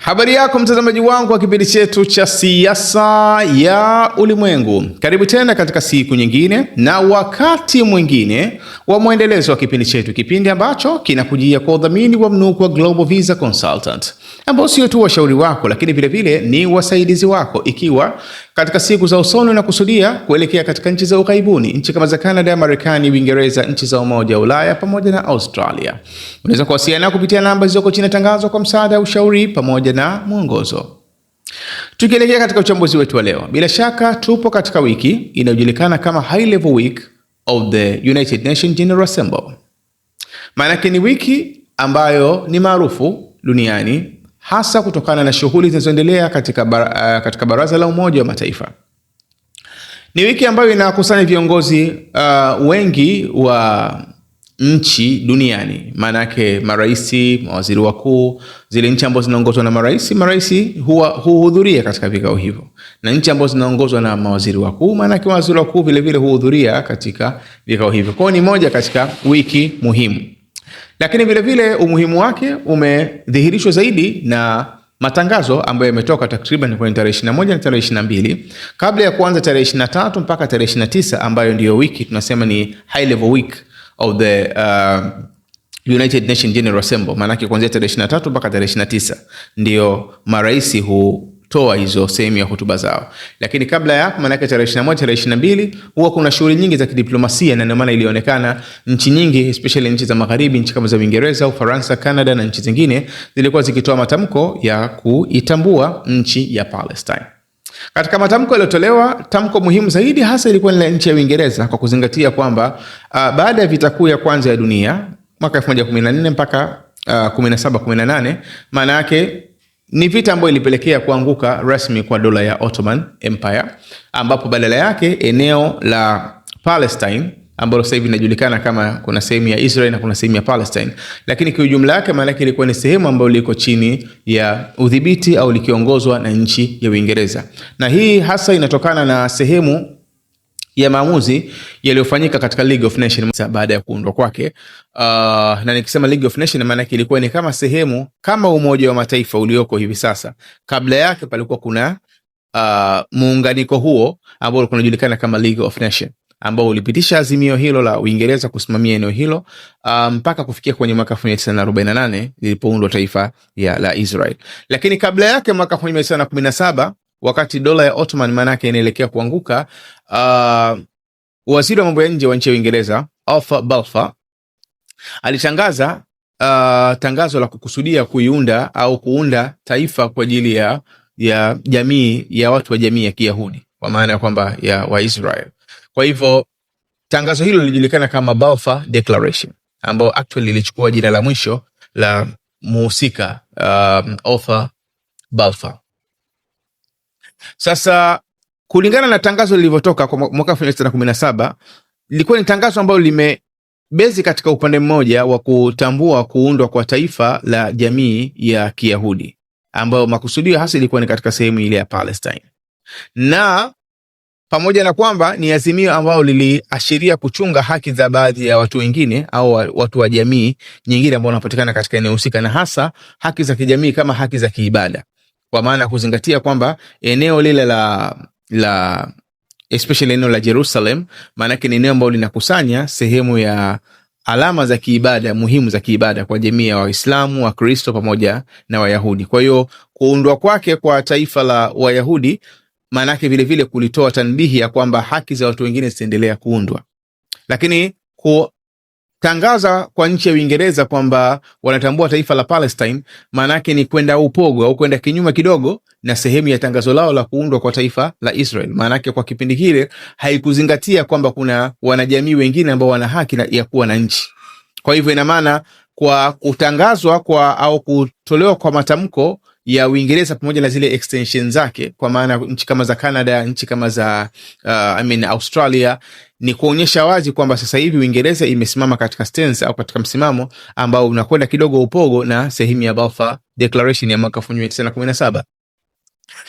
Habari yako mtazamaji wangu wa kipindi chetu cha siasa ya ulimwengu, karibu tena katika siku nyingine na wakati mwingine wa mwendelezo wa kipindi chetu, kipindi ambacho kinakujia kwa udhamini wa mnuko wa Global Visa Consultant ambao sio tu washauri wako, lakini vilevile ni wasaidizi wako, ikiwa katika siku za usoni unakusudia kuelekea katika nchi za ughaibuni, nchi kama za Canada, Marekani, Uingereza, nchi za Umoja wa Ulaya pamoja na Australia. Unaweza kuwasiliana kupitia namba zilizoko chini tangazo kwa msaada, ushauri pamoja na mwongozo. Tukielekea katika uchambuzi wetu wa leo, bila shaka tupo katika wiki inayojulikana kama High Level Week of the United Nations General Assembly. Maanake ni wiki ambayo ni maarufu duniani hasa kutokana na shughuli zinazoendelea katika, bar, uh, eh, katika Baraza la Umoja wa Mataifa. Ni wiki ambayo inakusanya viongozi uh, wengi wa nchi duniani, maana yake maraisi, mawaziri wakuu. Zile nchi ambazo zinaongozwa na maraisi, maraisi huhudhuria katika vikao hivyo, na nchi ambazo zinaongozwa na mawaziri wakuu, maana yake mawaziri wakuu vilevile huhudhuria katika vikao hivyo. Kwao ni moja katika wiki muhimu. Lakini vilevile umuhimu wake umedhihirishwa zaidi na matangazo ambayo yametoka takriban kwenye tarehe 21 na tarehe 22 kabla ya kuanza tarehe 23 mpaka tarehe 29 ambayo ndiyo wiki tunasema ni high level week of the uh, United Nations General Assembly, maanake kuanzia tarehe 23 mpaka tarehe 29 ndiyo maraisi hu toa hizo sehemu ya hotuba zao. Lakini kabla ya hapo, maanake tarehe 21 tarehe 22 huwa kuna shughuli nyingi za kidiplomasia, na ndio maana ilionekana nchi nyingi especially nchi za magharibi, nchi kama za Uingereza, Ufaransa, Canada na nchi zingine zilikuwa zikitoa matamko ya kuitambua nchi ya Palestine. Katika matamko yaliyotolewa, tamko muhimu zaidi hasa ilikuwa ni la nchi ya Uingereza kwa kuzingatia kwamba uh, baada ya vita kuu ya kwanza ya dunia mwaka 1914 mpaka uh, 17 18 maana yake ni vita ambayo ilipelekea kuanguka rasmi kwa dola ya Ottoman Empire, ambapo badala yake eneo la Palestine ambalo sasa hivi linajulikana kama kuna sehemu ya Israel na kuna sehemu ya Palestine, lakini kiujumla yake maana yake ilikuwa ni sehemu ambayo liko chini ya udhibiti au likiongozwa na nchi ya Uingereza, na hii hasa inatokana na sehemu ya maamuzi yaliyofanyika katika League of Nations baada ya kuundwa kwake. Uh, na nikisema League of Nations maana yake ilikuwa ni kama sehemu kama Umoja wa Mataifa ulioko hivi sasa. Kabla yake palikuwa kuna uh, muunganiko huo ambao ulikuwa unajulikana kama League of Nations ambao ulipitisha azimio hilo la Uingereza kusimamia eneo hilo ah, mpaka um, kufikia kwenye mwaka 1948 lilipoundwa taifa ya, la Israel. Lakini kabla yake mwaka 1917 wakati dola ya Ottoman maanake inaelekea kuanguka, uh, waziri wa mambo ya nje wa nchi ya Uingereza Arthur Balfa alitangaza uh, tangazo la kukusudia kuiunda au kuunda taifa kwa ajili ya ya jamii ya watu wa jamii ya Kiyahudi kwa maana ya kwamba ya Waisrael. Kwa hivyo tangazo hilo lilijulikana kama Balfa Declaration, ambayo actually lilichukua jina la mwisho la muhusika um, Arthur Balfa. Sasa kulingana na tangazo lilivyotoka kwa mwaka saba lilikuwa ni tangazo ambalo limebezi katika upande mmoja wa kutambua kuundwa kwa taifa la jamii ya Kiyahudi ambayo makusudio hasa ilikuwa ni katika sehemu ile ya Palestine, na pamoja na kwamba ni azimio ambayo liliashiria kuchunga haki za baadhi ya watu wengine au watu wa jamii nyingine ambao wanapatikana katika eneo husika, na hasa haki za kijamii kama haki za kiibada, kwa maana ya kuzingatia kwamba eneo lile la la especially eneo la Jerusalem, maanake ni eneo ambalo linakusanya sehemu ya alama za kiibada muhimu za kiibada kwa jamii ya Waislamu, Wakristo pamoja na Wayahudi. Kwa hiyo kuundwa kwake kwa taifa la Wayahudi maanake vilevile kulitoa tanbihi ya kwamba haki za watu wengine zitaendelea kuundwa, lakini ku tangaza kwa nchi ya Uingereza kwamba wanatambua taifa la Palestine, maana yake ni kwenda upogo au kwenda kinyuma kidogo na sehemu ya tangazo lao la kuundwa kwa taifa la Israel. Maana yake kwa kipindi kile haikuzingatia kwamba kuna wanajamii wengine ambao wana haki ya kuwa na nchi. Kwa hivyo ina maana kwa kutangazwa kwa au kutolewa kwa matamko ya Uingereza pamoja na zile extension zake, kwa maana nchi kama za Canada, nchi kama za uh, I mean Australia, ni kuonyesha wazi kwamba sasa hivi Uingereza imesimama katika stance au katika msimamo ambao unakwenda kidogo upogo na sehemu ya Balfour Declaration ya mwaka 1917.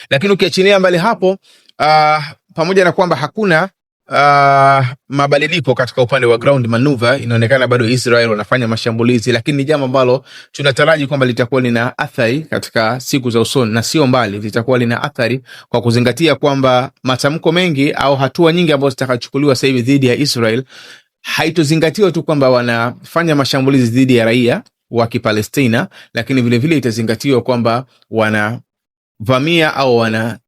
Lakini ukiachilia mbali hapo, uh, pamoja na kwamba hakuna uh, mabadiliko katika upande wa ground maneuver. Inaonekana bado Israel wanafanya mashambulizi, lakini ni jambo ambalo tunataraji kwamba litakuwa lina athari katika siku za usoni na sio mbali, litakuwa lina athari kwa kuzingatia kwamba matamko mengi au hatua nyingi ambazo zitakachukuliwa sasa hivi dhidi ya Israel haitozingatiwa tu kwamba wanafanya mashambulizi dhidi ya raia wa Kipalestina, lakini vilevile itazingatiwa kwamba wanavamia au wana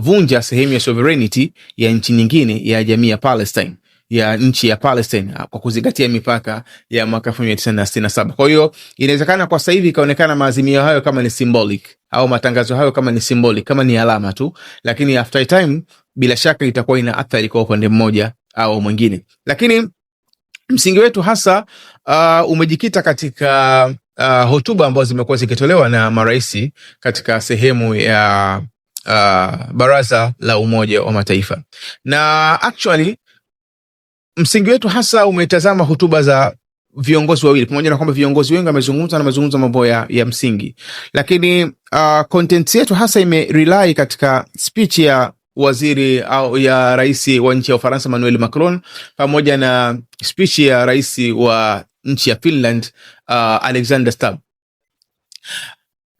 vunja sehemu ya sovereignty ya nchi nyingine ya jamii ya Palestine ya nchi ya Palestine ah, kwa kuzingatia mipaka ya mwaka 1967. Kwa hiyo inawezekana kwa sasa hivi ikaonekana maazimio hayo kama ni symbolic au matangazo hayo kama ni symbolic, kama ni alama tu, lakini after time bila shaka itakuwa ina athari kwa upande mmoja au mwingine. Lakini msingi wetu hasa uh, umejikita katika uh, hotuba ambazo zimekuwa zikitolewa na maraisi katika sehemu ya uh, baraza la Umoja wa Mataifa, na actually msingi wetu hasa umetazama hotuba za viongozi wawili, pamoja na kwamba viongozi wengi wamezungumza na wamezungumza mambo ya, ya msingi, lakini uh, yetu hasa imerely katika speech ya waziri au ya rais wa nchi ya Ufaransa Emmanuel Macron pamoja na speech ya rais wa nchi ya Finland uh, Alexander Stubb.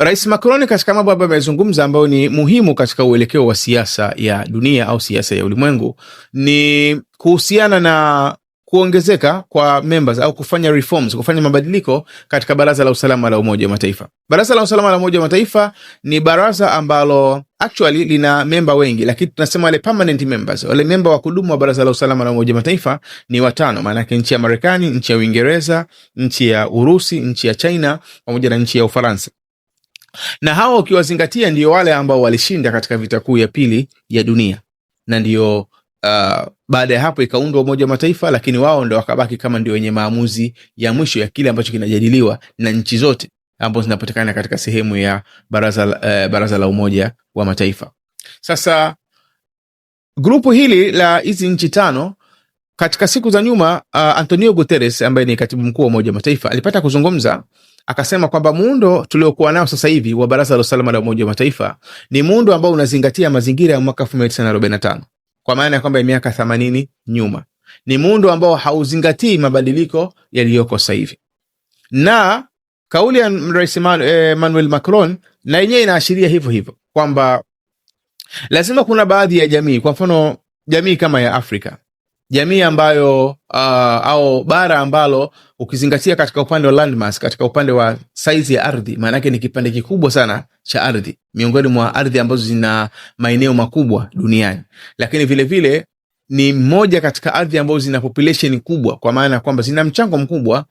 Rais Macron katika mambo ambayo amezungumza ambayo ni muhimu katika uelekeo wa siasa ya dunia au siasa ya ulimwengu ni kuhusiana na kuongezeka kwa members au kufanya reforms, kufanya mabadiliko katika Baraza la Usalama la Umoja wa Mataifa. Baraza la Usalama la Umoja wa Mataifa ni baraza ambalo actually lina memba wengi, lakini tunasema wale permanent members, wale memba wa kudumu wa Baraza la Usalama la Umoja wa Mataifa ni watano. Maana yake nchi ya Marekani, nchi ya Uingereza, nchi ya Urusi, nchi ya China pamoja na nchi ya Ufaransa na hawa ukiwazingatia ndio wale ambao walishinda katika vita kuu ya pili ya dunia, na ndio uh, baada ya hapo ikaundwa Umoja wa Mataifa, lakini wao ndo wakabaki kama ndio wenye maamuzi ya mwisho ya kile ambacho kinajadiliwa na nchi zote ambazo zinapatikana katika sehemu ya baraza, uh, baraza la Umoja wa Mataifa. Sasa grupu hili la hizi nchi tano katika siku za nyuma uh, Antonio Guterres ambaye ni katibu mkuu wa Umoja wa Mataifa alipata kuzungumza akasema kwamba muundo tuliokuwa nao sasa hivi wa Baraza la Usalama la Umoja wa Mataifa ni muundo ambao unazingatia mazingira ya mwaka tisa tano kwa maana ya kwamba ya miaka themanini nyuma. Ni muundo ambao hauzingatii mabadiliko yaliyoko sasa hivi, na kauli ya Rais Emmanuel eh, Macron na yenyewe inaashiria hivyo hivyo kwamba lazima kuna baadhi ya jamii, kwa mfano jamii kama ya Afrika jamii ambayo uh, au bara ambalo ukizingatia katika upande wa landmass, katika upande wa saizi ya ardhi, maanake ni kipande kikubwa sana cha ardhi, miongoni mwa ardhi ambazo zina maeneo makubwa duniani, lakini vilevile vile, ni moja katika ardhi ambazo zina population kubwa, kwa maana ya kwamba zina mchango mkubwa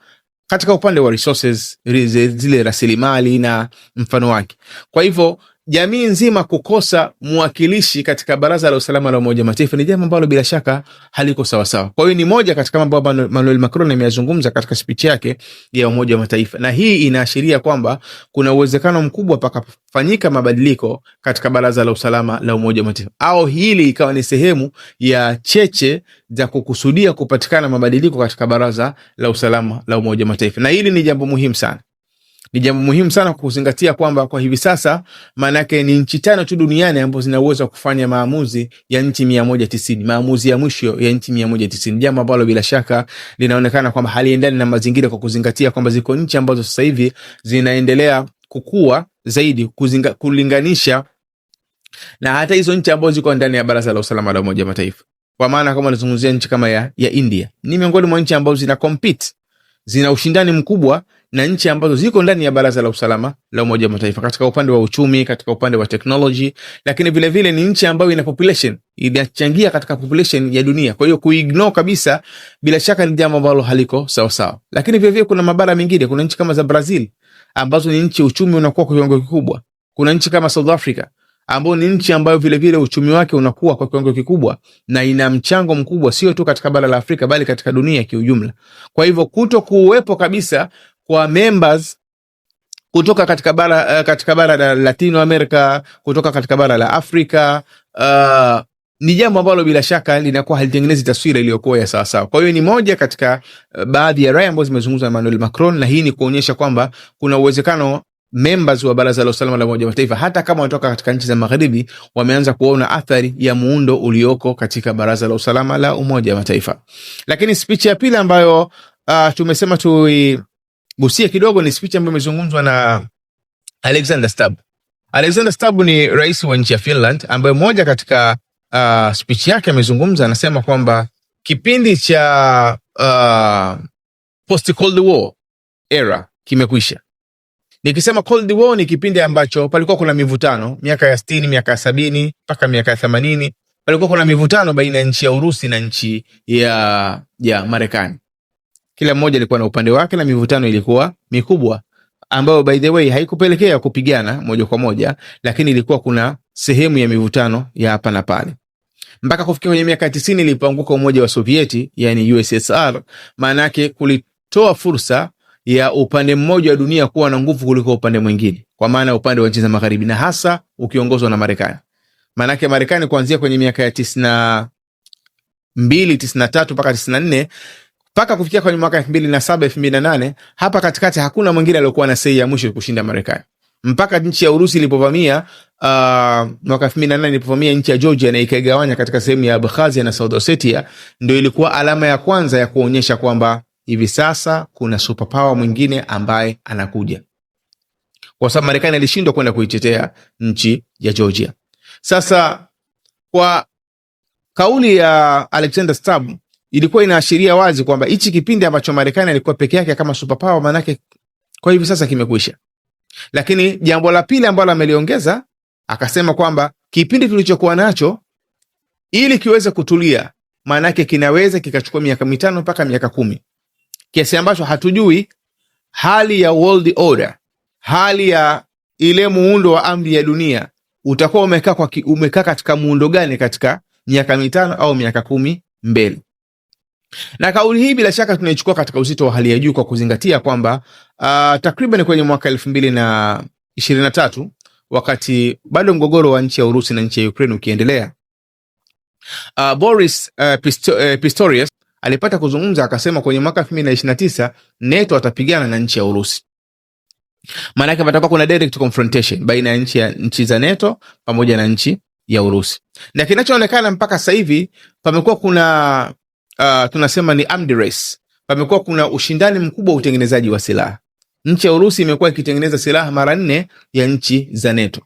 katika upande wa resources, zile rasilimali na mfano wake. Kwa hivyo jamii nzima kukosa mwakilishi katika Baraza la Usalama la Umoja Mataifa ni jambo ambalo bila shaka haliko sawasawa. Kwa hiyo ni moja katika mambo ambayo Manuel Macron ameyazungumza katika spichi yake ya Umoja wa Mataifa, na hii inaashiria kwamba kuna uwezekano mkubwa pakafanyika mabadiliko katika Baraza la Usalama la Umoja wa Mataifa, au hili ikawa ni sehemu ya cheche za kukusudia kupatikana mabadiliko katika Baraza la Usalama la Umoja Mataifa, na hili ni jambo muhimu sana. Ni jambo muhimu sana kuzingatia kwamba kwa hivi sasa maanake ni nchi tano tu duniani ambazo zina uwezo wa kufanya maamuzi ya nchi mia moja tisini maamuzi ya mwisho ya nchi mia moja tisini jambo ambalo bila shaka linaonekana kwamba haliendani na mazingira, kwa kuzingatia kwamba ziko nchi ambazo sasa hivi zinaendelea kukua zaidi kuzinga, kulinganisha na hata hizo nchi ambazo ziko ndani ya Baraza la Usalama la Umoja Mataifa, kwa maana kama nazungumzia nchi kama ya, ya India ni miongoni mwa nchi ambazo zina compete zina ushindani mkubwa na nchi ambazo ziko ndani ya Baraza la Usalama la Umoja wa Mataifa katika upande wa uchumi, katika upande wa teknoloji, lakini vilevile vile ni nchi ambayo ina population inachangia katika population ya dunia. Kwa hiyo kuignore kabisa, bila shaka ni jambo ambalo haliko sawasawa. Lakini vilevile kuna mabara mengine, kuna nchi kama za Brazil ambazo ni nchi uchumi unakuwa kwa kiwango kikubwa. Kuna nchi kama South Africa ambayo ni nchi ambayo vilevile uchumi wake unakuwa kwa kiwango kikubwa na ina mchango mkubwa sio tu katika bara la Afrika bali katika dunia kiujumla. Kwa hivyo kuto kuwepo kabisa kwa members kutoka katika bara, uh, katika bara la Latino America, kutoka katika bara la Afrika uh, eh, ni jambo ambalo bila shaka linakuwa halitengenezi taswira iliyokuwa ya sawasawa. Kwa hiyo ni moja katika eh, baadhi ya raya ambazo zimezungumzwa na Emmanuel Macron, na hii ni kuonyesha kwamba kuna uwezekano members wa Baraza la Usalama la Umoja wa Mataifa hata kama wanatoka katika nchi za magharibi wameanza kuona athari ya muundo ulioko katika Baraza la Usalama la Umoja wa Mataifa. Lakini spichi ya pili ambayo uh, tumesema tui gusia kidogo ni spichi ambayo imezungumzwa na Alexander stab Alexander stab ni rais wa nchi ya Finland ambaye moja katika uh, speech yake amezungumza, anasema kwamba kipindi cha uh, post Cold War era kimekwisha. Nikisema Cold War ni kipindi ambacho palikuwa kuna mivutano miaka ya 60, miaka ya 70 mpaka miaka ya 80, palikuwa kuna mivutano baina ya nchi ya Urusi na nchi ya, ya Marekani kila mmoja alikuwa na upande wake na mivutano ilikuwa mikubwa, ambayo by the way haikupelekea kupigana moja kwa moja, lakini ilikuwa kuna sehemu ya mivutano ya hapa na pale mpaka kufikia kwenye miaka 90 ilipoanguka Umoja wa Sovieti, yani USSR. Maana yake kulitoa fursa ya upande mmoja wa dunia kuwa na nguvu kuliko upande mwingine, kwa maana upande wa nchi za Magharibi na hasa ukiongozwa na Marekani. Maana yake Marekani kuanzia kwenye miaka ya 92, 93 mpaka 94 mpaka kufikia kwenye mwaka elfu mbili na saba elfu mbili na nane hapa katikati hakuna mwingine aliokuwa na sei ya mwisho kushinda Marekani mpaka nchi ya Urusi ilipovamia uh, mwaka elfu mbili na nane ilipovamia nchi ya Georgia na ikaigawanya katika sehemu ya Abkhazia na South Ossetia, ndo ilikuwa alama ya kwanza ya kuonyesha kwamba hivi sasa kuna superpower mwingine ambaye anakuja, kwa sababu Marekani alishindwa kwenda kuitetea nchi ya Georgia. Sasa kwa kauli ya Alexander Stubb ilikuwa inaashiria wazi kwamba hichi kipindi ambacho Marekani alikuwa peke yake kama superpower, manake kwa hivi sasa kimekwisha. Lakini jambo la pili ambalo ameliongeza akasema kwamba kipindi tulichokuwa nacho ili kiweze kutulia, maanake kinaweza kikachukua miaka mitano mpaka miaka kumi, kiasi ambacho hatujui hali ya world order, hali ya ile muundo wa amri ya dunia utakuwa umekaa umekaa katika muundo gani katika miaka mitano au miaka kumi mbele. Na kauli hii bila shaka tunaichukua katika uzito wa hali ya juu kwa kuzingatia kwamba uh, takriban kwenye mwaka elfu mbili na ishirini na tatu wakati bado mgogoro wa nchi ya Urusi na nchi ya Ukraine ukiendelea, uh, Boris uh, Pisto, uh, Pistorius alipata kuzungumza akasema, kwenye mwaka elfu mbili na ishirini na tisa NATO atapigana na nchi ya Urusi. Maana yake patakuwa kuna direct confrontation baina ya nchi ya nchi za NATO pamoja na nchi ya Urusi, na kinachoonekana mpaka sasa hivi pamekuwa kuna uh, tunasema ni arms race. Pamekuwa kuna ushindani mkubwa wa utengenezaji wa silaha. Nchi ya Urusi imekuwa ikitengeneza silaha mara nne ya nchi za NATO,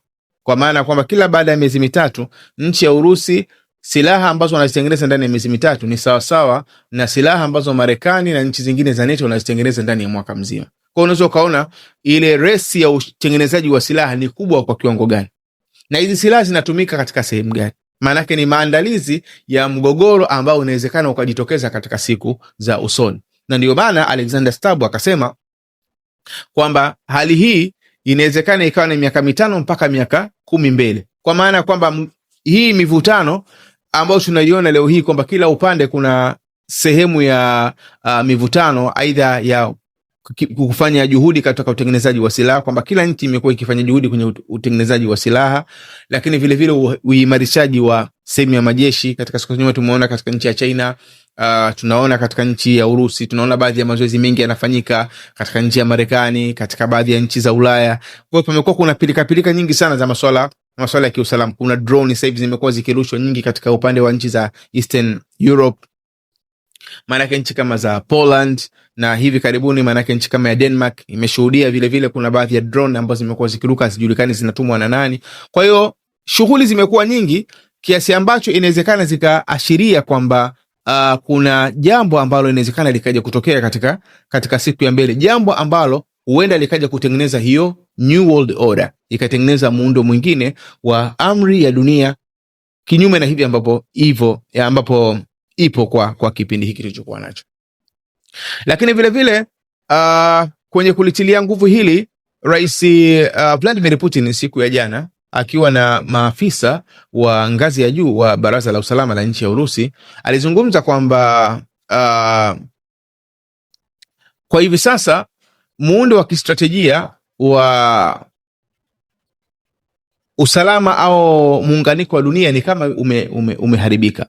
kwa maana ya kwamba kila baada ya miezi mitatu nchi ya Urusi silaha ambazo wanazitengeneza ndani ya miezi mitatu ni sawasawa na silaha ambazo Marekani na nchi zingine za NATO wanazitengeneza ndani ya mwaka mzima. Kwa unaweza ukaona ile resi ya utengenezaji wa silaha ni kubwa kwa kiwango gani, na hizi silaha zinatumika katika sehemu gani maanake ni maandalizi ya mgogoro ambao unawezekana ukajitokeza katika siku za usoni, na ndiyo maana Alexander stab akasema kwamba hali hii inawezekana ikawa na miaka mitano mpaka miaka kumi mbele, kwa maana ya kwamba hii mivutano ambayo tunaiona leo hii kwamba kila upande kuna sehemu ya uh, mivutano aidha ya kufanya juhudi katika utengenezaji wa silaha, kwamba kila nchi imekuwa ikifanya juhudi kwenye utengenezaji wa silaha, lakini vilevile uimarishaji wa sehemu ya majeshi. Katika siku za nyuma tumeona katika nchi ya China uh, tunaona katika nchi ya Urusi, tunaona baadhi ya mazoezi mengi yanafanyika katika nchi ya Marekani, katika baadhi ya nchi za Ulaya. Kwa hiyo pamekuwa kuna pilikapilika nyingi sana za maswala maswala ya kiusalama. Kuna drone sasa hivi zimekuwa zikirushwa nyingi katika upande wa nchi za Eastern Europe maanake nchi kama za Poland na hivi karibuni, maanake nchi kama ya Denmark imeshuhudia vilevile, kuna baadhi ya drone ambazo zimekuwa zikiruka, hazijulikani zinatumwa na nani. Kwa hiyo shughuli zimekuwa nyingi kiasi ambacho inawezekana zikaashiria kwamba uh, kuna jambo ambalo inawezekana likaja kutokea katika, katika siku ya mbele, jambo ambalo huenda likaja kutengeneza hiyo New World Order, ikatengeneza muundo mwingine wa amri ya dunia, kinyume na hivi ambapo hivyo ambapo ipo kwa, kwa kipindi hiki tulichokuwa nacho. Lakini vilevile uh, kwenye kulitilia nguvu hili Rais uh, Vladimir Putin siku ya jana akiwa na maafisa wa ngazi ya juu wa Baraza la Usalama la nchi ya Urusi alizungumza kwamba uh, kwa hivi sasa muundo wa kistratejia wa usalama au muunganiko wa dunia ni kama ume, ume, umeharibika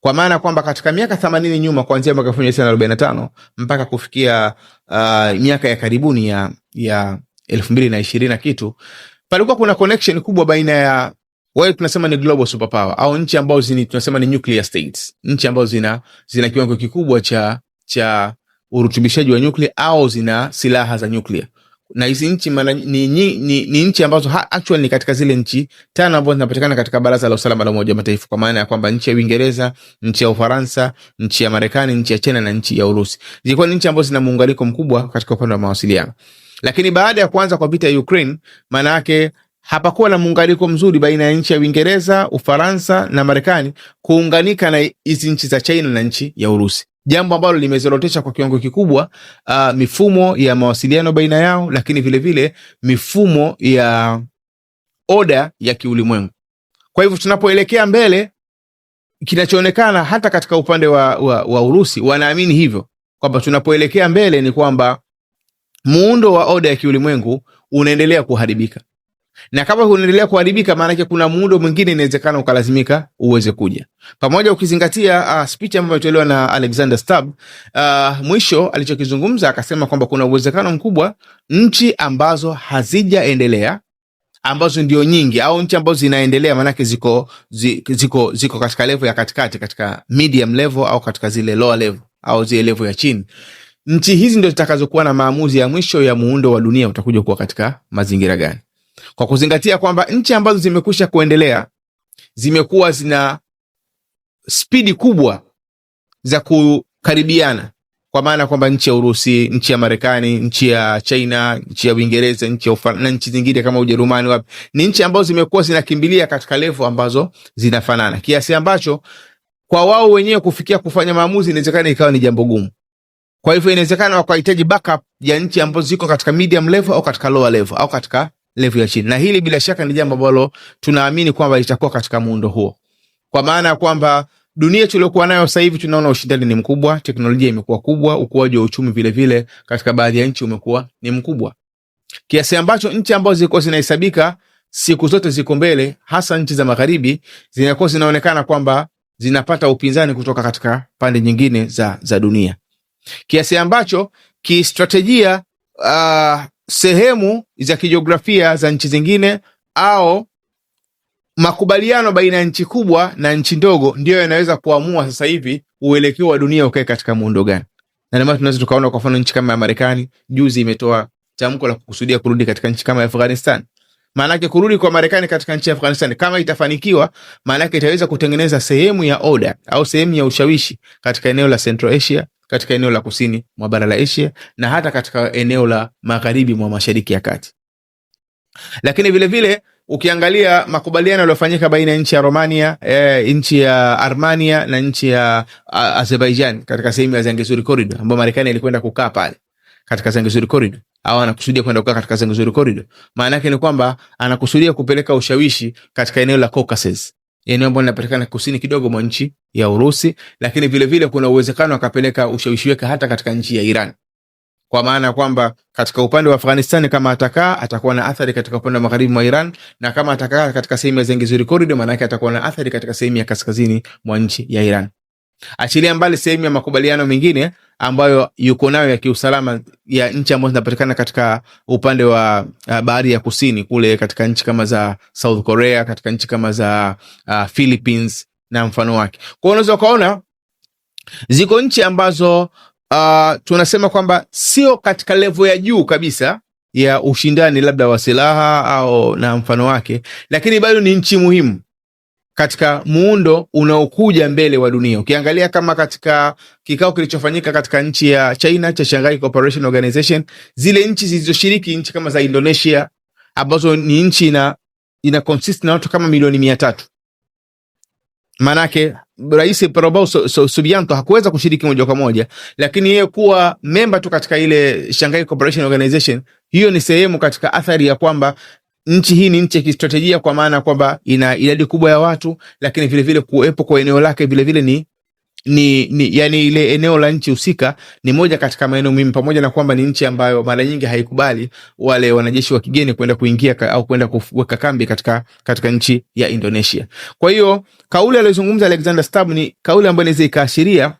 kwa maana kwamba katika miaka themanini nyuma kuanzia mwaka elfu moja mia tisa na arobaini na tano mpaka kufikia uh, miaka ya karibuni ya ya elfu mbili na ishirini na kitu, palikuwa kuna connection kubwa baina ya wale tunasema ni global superpower au nchi ambazo zini, tunasema ni nuclear states, nchi ambazo zina zina kiwango kikubwa cha cha urutubishaji wa nyuklia au zina silaha za nyuklia na hizi nchi mara ni, ni, ni ni nchi ambazo ha, actually ni katika zile nchi tano ambazo zinapatikana katika Baraza la Usalama la Umoja wa Mataifa, kwa maana ya kwamba nchi ya Uingereza, nchi ya Ufaransa, nchi ya Marekani, nchi ya China na nchi ya Urusi zilikuwa ni nchi ambazo zina muunganiko mkubwa katika upande wa mawasiliano. Lakini baada ya kuanza kwa vita ya Ukraine, maana yake hapakuwa na muunganiko mzuri baina ya nchi ya Uingereza, Ufaransa na Marekani kuunganika na hizi nchi za China na nchi ya Urusi jambo ambalo limezorotesha kwa kiwango kikubwa uh, mifumo ya mawasiliano baina yao, lakini vilevile vile, mifumo ya oda ya kiulimwengu. Kwa hivyo tunapoelekea mbele, kinachoonekana hata katika upande wa, wa, wa Urusi wanaamini hivyo kwamba tunapoelekea mbele ni kwamba muundo wa oda ya kiulimwengu unaendelea kuharibika na kama unaendelea kuharibika, maanake kuna muundo mwingine inawezekana ukalazimika uweze kuja pamoja, ukizingatia uh, speech ambayo imetolewa na Alexander Stubb. Uh, mwisho alichokizungumza akasema kwamba kuna uwezekano mkubwa nchi ambazo hazijaendelea ambazo ndio nyingi au nchi ambazo zinaendelea maanake ziko, ziko, ziko katika levo ya katikati, katika medium level au katika zile lower level au zile levo ya chini. Nchi hizi ndio zitakazokuwa na maamuzi ya mwisho ya muundo wa dunia utakuja kuwa katika mazingira gani kwa kuzingatia kwamba nchi ambazo zimekwisha kuendelea zimekuwa zina spidi kubwa za kukaribiana, kwa maana kwamba nchi ya Urusi, nchi ya Marekani, nchi ya China, nchi ya Uingereza, nchi ya Ufaransa na nchi zingine kama Ujerumani, wapi, ni nchi ambazo zimekuwa zinakimbilia katika levo ambazo zinafanana, kiasi ambacho kwa wao wenyewe kufikia kufanya maamuzi inawezekana ikawa ni jambo gumu. Kwa hivyo inawezekana wakahitaji backup ya nchi ambazo ziko katika medium level au katika lower level au katika level ya chini, na hili bila shaka ni jambo ambalo tunaamini kwamba litakuwa katika muundo huo, kwa maana ya kwamba dunia tuliokuwa nayo sasa hivi tunaona ushindani ni mkubwa, teknolojia imekuwa kubwa, ukuaji wa uchumi vilevile vile, katika baadhi ya nchi umekuwa ni mkubwa kiasi ambacho nchi ambazo zilikuwa zinahesabika siku zote ziko mbele, hasa nchi za magharibi zinakuwa zinaonekana kwamba zinapata upinzani kutoka katika pande nyingine za, za dunia kiasi ambacho kistratejia, uh, ah, sehemu za kijiografia za nchi zingine au makubaliano baina ya nchi kubwa na nchi ndogo ndiyo yanaweza kuamua sasa hivi uelekeo wa dunia ukae katika muundo gani, na ndio maana tunaweza tukaona kwa mfano nchi kama ya Marekani juzi imetoa tamko la kukusudia kurudi katika nchi kama Afghanistan. Maanake kurudi kwa Marekani katika nchi ya Afghanistan kama itafanikiwa, maanake itaweza kutengeneza sehemu ya oda au sehemu ya ushawishi katika eneo la Central Asia, katika eneo la kusini mwa bara la Asia na hata katika eneo la magharibi mwa Mashariki ya Kati. Lakini vilevile vile, ukiangalia makubaliano yaliyofanyika baina ya nchi ya Romania e, nchi ya Armania na nchi ya Azerbaijan katika sehemu ya Zangezuri Corridor ambayo Marekani ilikwenda kukaa pale katika Zangezuri Corridor au anakusudia kwenda kukaa katika Zangezuri Corridor. Maana yake ni kwamba anakusudia kupeleka ushawishi katika eneo la Caucasus eneo ambalo linapatikana kusini kidogo mwa nchi ya Urusi, lakini vilevile vile kuna uwezekano akapeleka ushawishi wake hata katika nchi ya Iran, kwa maana kwamba katika upande wa Afghanistan kama atakaa atakuwa na athari katika upande wa magharibi mwa Iran, na kama atakaa katika sehemu ya Zengizuri Korido, maana atakuwa na athari katika sehemu ya kaskazini mwa nchi ya Iran. Achilia mbali sehemu ya makubaliano mengine ambayo yuko nayo ya kiusalama ya nchi ambazo zinapatikana katika upande wa uh, bahari ya kusini kule katika nchi kama za South Korea, katika nchi kama za uh, Philippines na mfano wake. Kwa unaweza ukaona ziko nchi ambazo uh, tunasema kwamba sio katika levo ya juu kabisa ya ushindani labda wa silaha au na mfano wake, lakini bado ni nchi muhimu katika muundo unaokuja mbele wa dunia. Ukiangalia kama katika kikao kilichofanyika katika nchi ya China cha Shanghai Cooperation Organization, zile nchi zilizoshiriki, nchi kama za Indonesia ambazo ni nchi ina ina consist na watu kama milioni mia tatu Manake Rais Prabowo Subianto hakuweza kushiriki moja kwa moja, lakini yeye kuwa memba tu katika ile Shanghai Cooperation Organization, hiyo ni sehemu katika athari ya kwamba nchi hii ni nchi ya kistratejia kwa maana kwamba ina idadi kubwa ya watu, lakini vilevile kuwepo kwa eneo lake vilevile ni ni, ni yani ile eneo la nchi husika ni moja katika maeneo muhimu, pamoja na kwamba ni nchi ambayo mara nyingi haikubali wale wanajeshi wa kigeni kwenda kuingia ka, au kwenda kuweka kambi katika, katika nchi ya Indonesia. Kwa hiyo kauli aliyozungumza Alexander Stubb ni kauli ambayo inaweza ikaashiria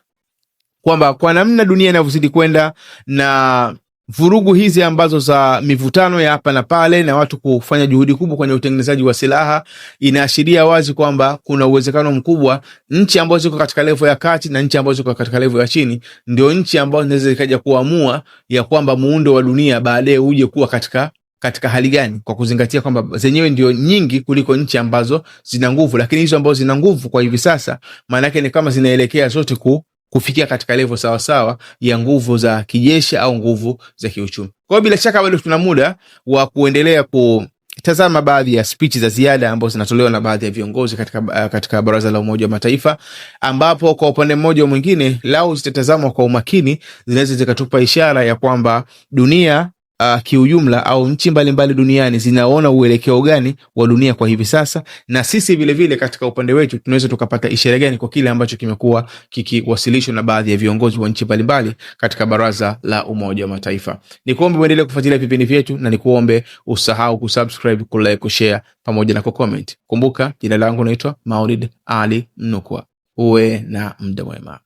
kwamba kwa namna dunia inavyozidi kwenda na vurugu hizi ambazo za mivutano ya hapa na pale na watu kufanya juhudi kubwa kwenye utengenezaji wa silaha inaashiria wazi kwamba kuna uwezekano mkubwa nchi ambazo ziko katika levo ya kati na nchi ambazo ziko katika levo ya chini ndio nchi ambazo zinaweza zikaja kuamua ya kwamba muundo wa dunia baadaye uje kuwa katika katika hali gani, kwa kuzingatia kwamba zenyewe ndio nyingi kuliko nchi ambazo zina nguvu. Lakini hizo ambazo zina nguvu kwa hivi sasa, maanake ni kama zinaelekea zote ku kufikia katika levo sawasawa ya nguvu za kijeshi au nguvu za kiuchumi. Kwa hiyo bila shaka bado tuna muda wa kuendelea kutazama baadhi ya spichi za ziada ambazo zinatolewa na baadhi ya viongozi katika, uh, katika Baraza la Umoja wa Mataifa, ambapo kwa upande mmoja mwingine, lau zitatazamwa kwa umakini, zinaweza zikatupa ishara ya kwamba dunia uh, kiujumla au nchi mbalimbali duniani zinaona uelekeo gani wa dunia kwa hivi sasa, na sisi vilevile katika upande wetu tunaweza tukapata ishara gani kwa kile ambacho kimekuwa kikiwasilishwa na baadhi ya viongozi wa nchi mbalimbali katika Baraza la Umoja wa Mataifa. ni kuombe uendelee kufuatilia vipindi vyetu na nikuombe usahau kusubscribe, kulike, kushare pamoja na kucomment. Kumbuka, jina langu naitwa Maulid Ali Mnukwa. Uwe na mda mwema.